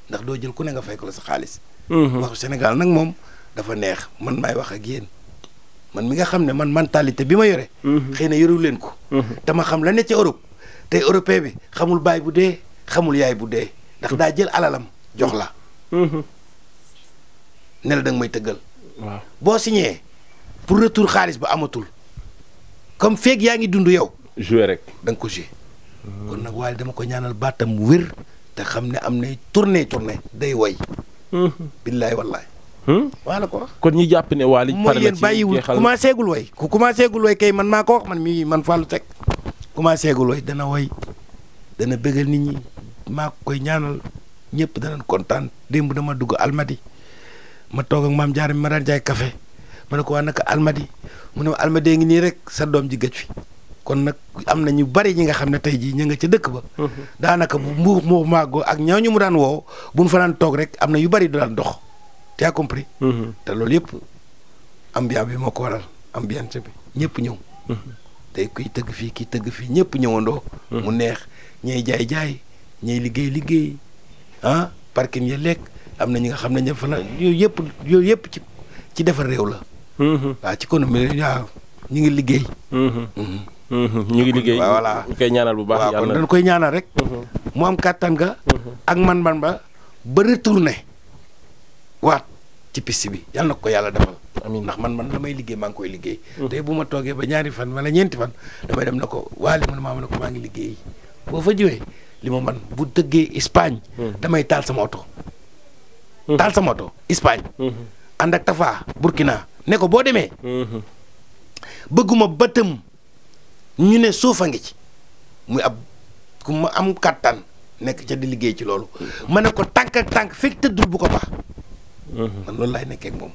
ndax doo jël ku ne nga fay ko la sa xaalis. Hmm. waxu Sénégal nag moom dafa neex man maay wax a yéen man mi nga xam ne man mentalité bi ma yore. Hmm. xëy na yorewu leen ko. te ma xam la ne ci Europe tey européen bi xamul baay bu dee. xamul yaay bu dee ndax daa jël alalam jox la mhm. ne la da may tëggal waaw boo signé pour retour xaalis ba amatul comme feeg yaa ngi dund yow joué rek da ko joué kon nag waaye dama ko ñaanal baatam wér te xam ne am na tournée tournée day woy mhm. billaay wallaay hmm? waa la ko wax kon ñi jàpp ne waali mooy yéen bàyyiwul commencé gul woy ku commencé gul woy kay man maa ko wax man mii man Fallou Seck commencé gul woy dana woy dana bëggal nit ñi maa koy ñaanal ñëpp danañ kontaan démb dama dugg almadi ma toog ak maam Diarra ma daan jaay café ma ne ko waa naka almadi mu ne ma ngi nii rek sa doom ji gëj fi kon nag am na ñu bari ñi nga xam ne tey jii ñu nga ca dëkk ba. daanaka bu mu mu màggoo ak ñooñu mu daan woow bu ñu fa daan toog rek am na yu bari du daan dox tu as compris. te loolu yëpp ambiance bi moo ko waral ambiance bi ñëpp ñëw. tey kuy tëgg fii kii tëgg fii ñëpp ñëwandoo. mu neex. ñay jaay jaay ñay liggéey liggéey ah parking ya lekk am na ñi nga xam ne ña fa la yooyu yëpp yooyu yëpp ci ci defar réew la. Mm-hmm. waaw ci ñu ngi liggéey. Mm-hmm. Mm-hmm. ñu ngi liggéey voilà ñu koy ñaanal bu baax. yàlla koy ñaanal rek. mu am kàttan ak man-man ba ba retourné waat ci piste bi yàlla na ko yàlla defal. amiin ndax man man la may liggéey maa ngi koy liggéey. tey bu ma toogee ba ñaari fan wala ñeenti fan damay dem na ko waale man maa ma ne ko maa ngi liggéey. boo fa jëwee li ma man bu dëggee Espagne. Hmm. damay taal sama oto. Hmm. taal sama oto Espagne. Hmm. ànd ak Tafa Burkina ne ko boo demee. bëgguma bëtam ñu ne suuf a ngi ci muy ab ku ma am kàttan nekk ca di liggéey ci loolu ma ne ko tànk ak tànk fekk tëddul bu ko baax. man loolu laay nekkee moom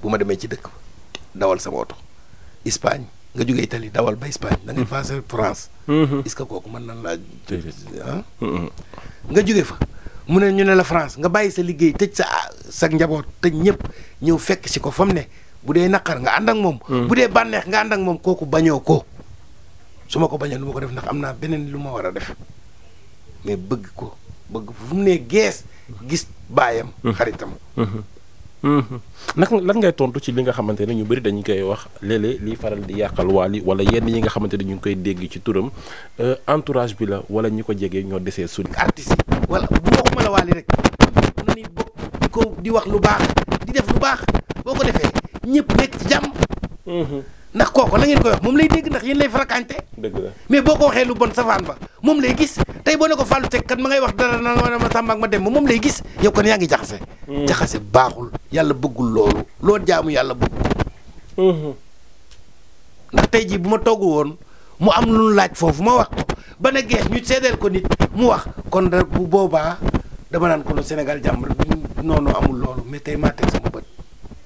bu ma demee ci dëkk dawal sama oto Espagne. nga jóge Italie dawal ba Espagne da ngay passé France. Mhm. est kooku mën na laa. ah. Mhm. nga jóge fa mu ne ñu ne la France nga bàyyi sa liggéey tëj sa sa njaboot tëj ñëpp ñëw fekk si ko fa mu ne bu dee naqar nga ànd ak moom. Mhm. bu dee bànneex nga ànd ak moom kooku bañoo ko. su ma ko bañoon lu ma ko def ndax am naa beneen lu ma war a def mais bëgg ko bëgg fu mu ne gees gis baayam. xaritam. Mm-hmm. nag lan ngay tontu ci li nga xamante ne ñu bëri dañu koy wax léeg-léeg liy faral di yàqal waali wala yenn yi nga xamante ne ñu ngi koy dégg ci turam euh, entourage bi la wala ñi ko jege ñoo desee suñu artiste wala bu waxuma la waali rek nañuy bokk di ko di wax lu baax di def lu baax boo ko defee ñëpp nekk ci jàmm mm-hmm. ndax kooku la ngeen koy wax moom lay dégg ndax yéen lay farakante dëgg la mais boo ko waxee lu bon safaan ba moom lay gis tey boo ne ko Fallou Seck kat ma ngay wax dara na ma Samba ak ma dem moom lay gis yow kon yaa ngi jaxase. Hmm. jaxase baaxul yàlla bëggul loolu loo jaamu yàlla bëggul. Hmm. ndax tey jii bu ma togg woon mu am lu ñu laaj foofu ma wax ko ba ne gees ñu seedeel ko nit mu wax kon da bu boobaa dama naan ko lu Sénégal jàmm noonu amul loolu mais tey maa teg sama bët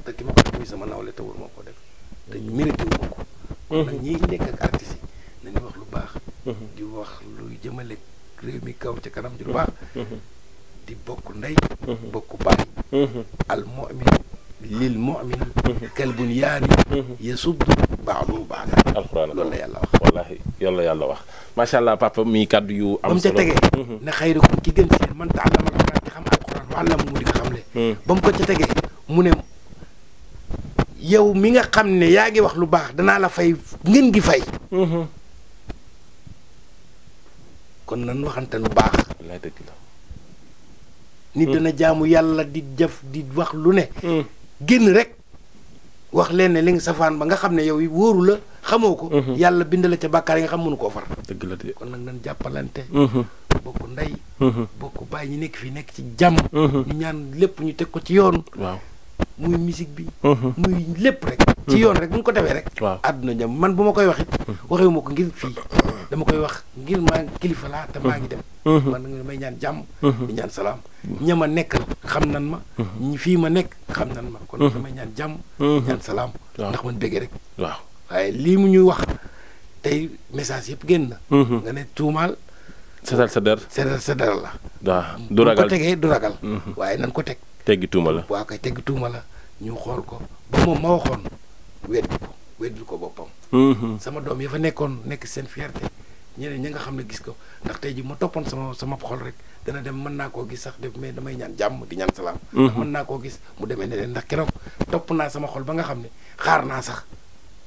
te ki ma ko def muy sama nawle te war ma ko hmm. nekk ak artistes yi nañu wax lu baax. di wax. jëmale réew mi kaw ci kanam ju mm-hmm. baax mm-hmm. di bokk ndey mm-hmm. bokk baay al mu'min lil mu'min kalbun yaani yasuddu baalu baalan alxuraan loolu la yàlla wax wallaahi yàlla yàlla wax macha allah papa mi kàddu yu am solo ba mu ca tegee ne xayrukum ki gën seen man taallama alxuraan ki xam alxuraan wa mu di ko xamle mm. ba mu ko ca tegee mu ne yow mi nga xam ne yaa ngi wax lu baax danaa la fay ngeen gi fay kon nan waxante lu baax. la. nit dana hmm. jaamu yàlla di jëf di wax lu ne. Hmm. génn rek wax leen ne li nga safaan ba nga xam ne yow yi wóoru la xamoo ko. Hmm. yàlla bind la ca bàkkaar yi nga xam mënu koo far. dëgg la de kon nag nan jàppalante. bokk ndey. bokk bàyyi ñu nekk fii nekk ci jàmm. ñu ñaan lépp ñu teg ko ci yoon. muy musique bi. Mhm. muy lépp rek. ci yoon rek bu ko defee rek. waaw àdduna jàmm man bu ma koy wax it. Mhm. ma ko ngir fii dama koy wax ngir maa ngi kilifa laa te maa ngi mhm. dem. man nag may ñaan jàmm. di ñaan salaam. ña ma nekkal xam nan ma. fii ma nekk xam nan ma. kon damay ñaan jàmm. ñaan salaam. ndax man bëggee rek. waaw waaye lii mu ñuy wax tey message yëpp génn na. nga ne tuumaal. setal sa der sa der la. waaw du ragal du ragal. waaye nan ko teg. teggi tuuma la waaw kay teggi tuuma la ñu xool ko ba moom ma waxoon weddi ko weddil ko boppam mm-hmm. sama doom ya fa nekkoon nekk seen fierté ñeneen ñi nga xam ne gis ko ndax te ji ma toppoon sama sama xol rek dana dem mën naa koo gis sax mais damay ñaan jàmm di ñaan salaam mm-hmm. mën naa koo gis mu demee ne leen ndax keroog topp naa sama xol ba nga xam ne xaar naa sax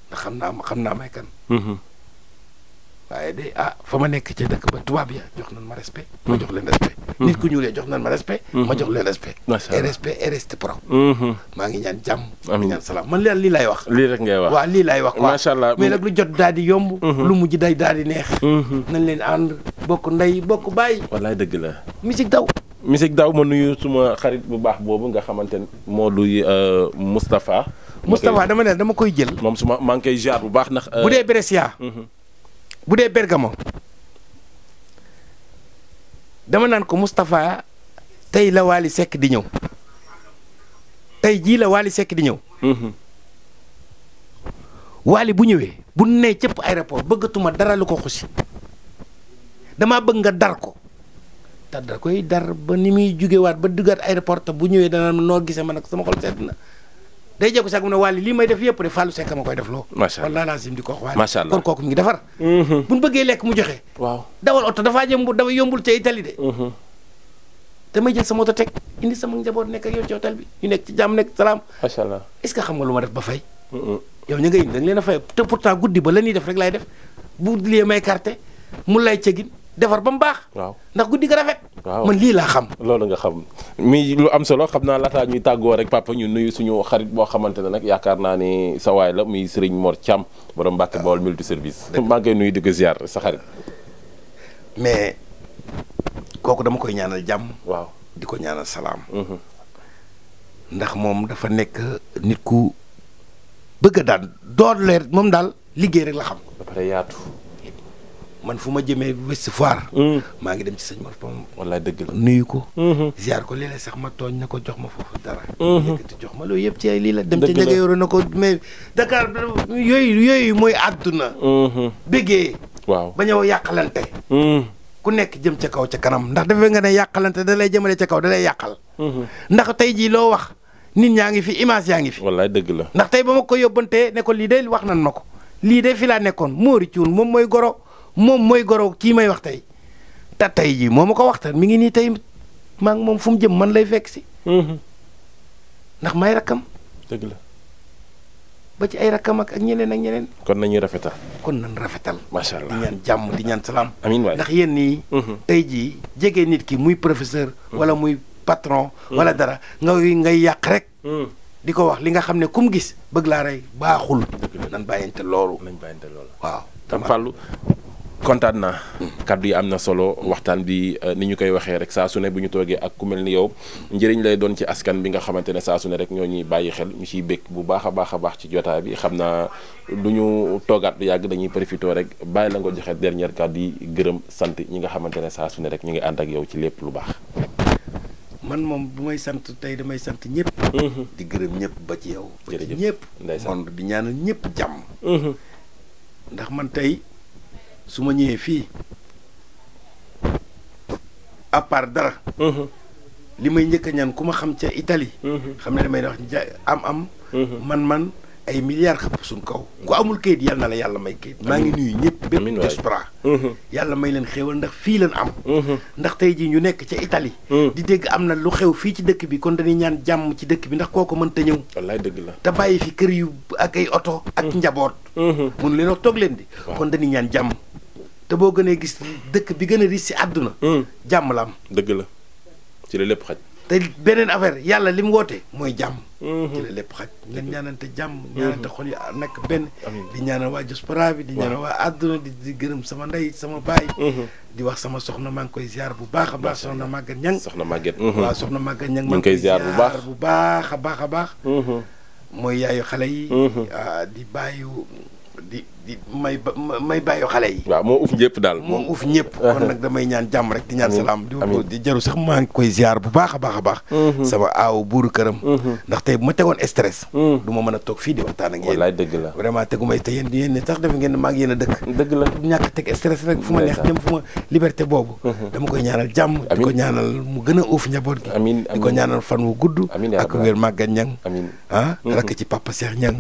ndax xam naa may kan mm-hmm. waaye day a ah, fa ma nekk ci dëkk ba tubaab ya jox nañ ma respect. ma hmm. jox leen hmm. nit ku ñuulee jox nañ ma respect. Hmm. ma jox leen respect. macha allah respect et reste pro. maa ngi ñaan jàmm. amiin ñaan salaam man lii laay wax. lii rek ngay wax waaw lii wax. macha allah mais nag lu jot daal di yomb. lu mujj day daal di neex. nañ leen ànd bokk ndey bokk bàyyi. wallaay dëgg la. musique daw. musique daw ma nuyu suma xarit bu baax boobu nga xamante ne moo luy euh, Moustapha. Moustapha dama ne dama koy jël. moom suma maa ngi koy jaar bu baax ndax. Euh, bu bu dee Bergamo dama naan ko Moustapha tey la Waly sekk di ñëw tey jii la Waly Seck di ñëw. Mhm. Waly bu ñëwee bu nee cëpp aéroport bëggatuma dara lu ko xusi damaa bëgg nga dar ko te da koy dar ba ni muy jugewaat ba duggaat aéroport te bu ñëwee dana noo gisee ma ak sama xol sedd na. day jékku sax mu ne wàlli lii may def yëpp de Fallou Seck ma koy def loo wallaahi lazim di ko wax wàlli kon kooku mi ngi defar mhm. buñ bëggee lekk mu joxe waaw dawal oto dafaa jëmbu dafa yombul ca Italie de mhm. damay jël sama oto teg indi sama njaboot nekk ak yow ci bi ñu nekk ci jàmm nekk salaam macha allah est-ce que xam nga lu ma def ba fay mhm. yow ñu nga indi da leen a fay te pourtant guddi ba la ñuy def rek laay def bu lii may karte mu lay cegin defar ba mu baax. waaw ndax guddi ga rafet. waaw man lii laa xam. loolu nga xam mi lu am solo xam naa laataa ñuy tàggoo rek papa ñu nuyu suñu xarit boo xamante ne nag yaakaar naa ne sa waay la muy Serigne Mor Thiam borom Mbacke ah. Bawol multi service. dëgg maa ngi koy nuyu di ko kooku dama koy ñaanal jàmm. waaw di ko ñaanal salaam. Mhm. ndax moom dafa nekk nit ku bëgg a daan door moom daal liggéey rek la xam. ba yaatu. man fu ma jëmee Ouest Foire. Mm. maa ngi dem ci sëñ Mor Pam. wallaay dëgg la nuyu ko. Mm-hmm. ziar ko léeg-léeg sax ma tooñ na ko jox ma foofu dara. Mm-hmm. yëkkati jox ma loolu yëpp ci ay lii la. dem ca njëkk na ko mais Dakar yooyu yooyu mooy àdduna. Mm-hmm. bëggee. waaw ba ñëw yàqalante. ku nekk jëm ca kaw ca kanam ndax defe nga ne yàqalante da lay jëmale ca kaw da yàqal. ndax tey jii loo wax nit ñaa ngi fi image yaa ngi fi. wallaay dëgg la ndax tey ba ma ko yóbbante ne ko lii de wax nan ma ko lii de fi laa nekkoon Mori Thioune moom mooy goro moom mooy goro kii may wax tey te tey jii moo ma ko waxtaan mu ngi nii tey maa moom fu mu jëm man lay fekk si. Mhm. ndax may rakkam. dëgg la. ba ci ay rakkam ak ñeneen ak ñeneen. kon nañuy rafetal. kon nañ rafetal. macha allah di ñaan jàmm di ñaan salaam. amiin ndax yéen nii. Mhm. tey jii jege nit ki muy professeur. Mhm. wala muy patron. wala dara nga ngay yàq rek. di ko wax li nga xam ne ku gis bëgg laa rey baaxul. dëgg la nañ bàyyante loolu. nañ bàyyante waaw. tam kontaan naa kàddu yi am na solo waxtaan bi euh, ni ñu koy waxee rek saa su ne bu ñu toogee ak ku mel ni yow njëriñ lay doon ci askan bi nga xamante ne saa sune rek ñoo ñuy bàyyi xel ñu ciy bu baax baax a baax ci jotaay bi xam naa du ñu toogaat du yàgg dañuy profitoo rek bàyyi la nga joxe dernière kàddu yi gërëm sant ñi xamante ne saa su rek ñu ngi ànd ak yow ci lépp lu baax. man moom bu may sant tey damay sant ñëpp. Mm-hmm. di gërëm ñëpp ba ci yow. jërëjëf ñëpp. ndeysaan di ñaanal ñëpp jàmm. Mm-hmm. ndax man tey su ma ñëwee fii à dara. Mhm. li may njëkk ñaan ku ma xam ca Italie. Mhm. xam ne damay may ja am-am. Mhm. man-man ay milliards xëpp suñ kaw. ku amul kayit yal na la yàlla may kayit. maa ngi nuyu ñëpp bépp diaspora. yàlla may leen xéewal ndax fii leen am. ndax tey jii ñu nekk ca itali di dégg am na lu xew fii ci dëkk bi kon dañuy ñaan jàmm ci dëkk bi ndax kooku mënta ñëw. wallaay dëgg la te bàyyi fi kër yu ak ay oto. ak njaboot. mun leen a toog leen di. kon dañuy ñaan jàmm. te boo gënee gis dëkk bi gën a riche si àdduna. Hmm. jàmm la am. dëgg la ci la lépp xaj. te beneen affaire yàlla li mu woote mooy jàmm. Hmm. ci la lépp xaj ngeen ñaanante jàmm. Hmm. ñaanante xol yi nekk benn. di ñaanal waa diaspora bi. di di di gërëm sama ndey sama baay. di wax sama soxna maa ngi koy ziar bu baax a baax soxna Maguette ñan soxna Maguette. waaw soxna Maguette Niang. maa ngi koy ziar bu baax bu baax a baax a baax. mooy yaayu xale yi. Ah, di bàyyu di. di may ba may bàyyi xale yi. waaw moo uuf ñëpp daal moo uuf ñëpp. kon nag damay ñaan jàmm rek di ñaan salaam. di jaru sax maa ngi koy ziar bu baax a baax a baax. Mm-hmm. sama aaw buuru këram. Mm-hmm. ndax tey ma tegoon stress. Mm. du ma mën a toog fii di waxtaan la vraiment tegu may te yéen yéen ne sax defe ngeen ne maa ngi yéen a dëkk. dëgg la ñàkk a teg mm-hmm. di ko ñaanal mu gën a uuf njaboot gi. di ko ñaanal fan wu gudd. ak wér màggat ñang. Ah, rakk ci papa Cheikh ñang.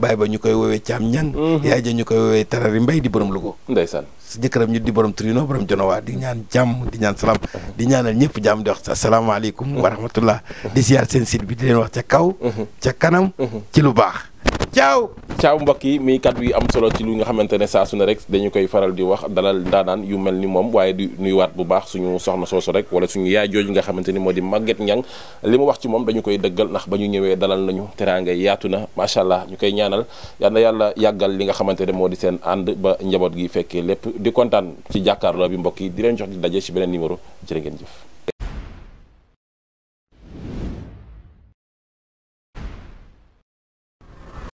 bàyyi ba ñu koy woowee caam ñang yaay ja ñu koy woowee Terry Mbaye di borom Louga. ndeysaan si jëkkëram ñu di borom Trino borom Jonowaa di ñaan jàmm di ñaan salaam. di ñaanal ñëpp jàmm di wax asalaamaaleykum. wa rahmatullah di siyaar seen site bi di leen wax ca kaw. Mhm. ca kanam mhm. ci lu baax. caaw caaw mbokk yi muy kaddu am solo ci lu nga xamante ne saa su rek dañu koy faral di wax dalal daanaan yu mel ni moom waaye di nuyuwaat bu baax suñu soxna soosu rek wala suñu yaay jooju nga xamante ni moo di màgget ñan li mu wax ci moom dañu koy dëggal ndax ba ñu ñëwee dalal nañu teraanga yaatu na macha allah ñu koy ñaanal yal na yàlla yàggal li nga xamante ne moo di seen ànd ba njaboot gi fekkee lépp di kontaan ci jàkkaarloo bi mbokk yi di leen jox di daje ci beneen numéro jërë ngeen jëf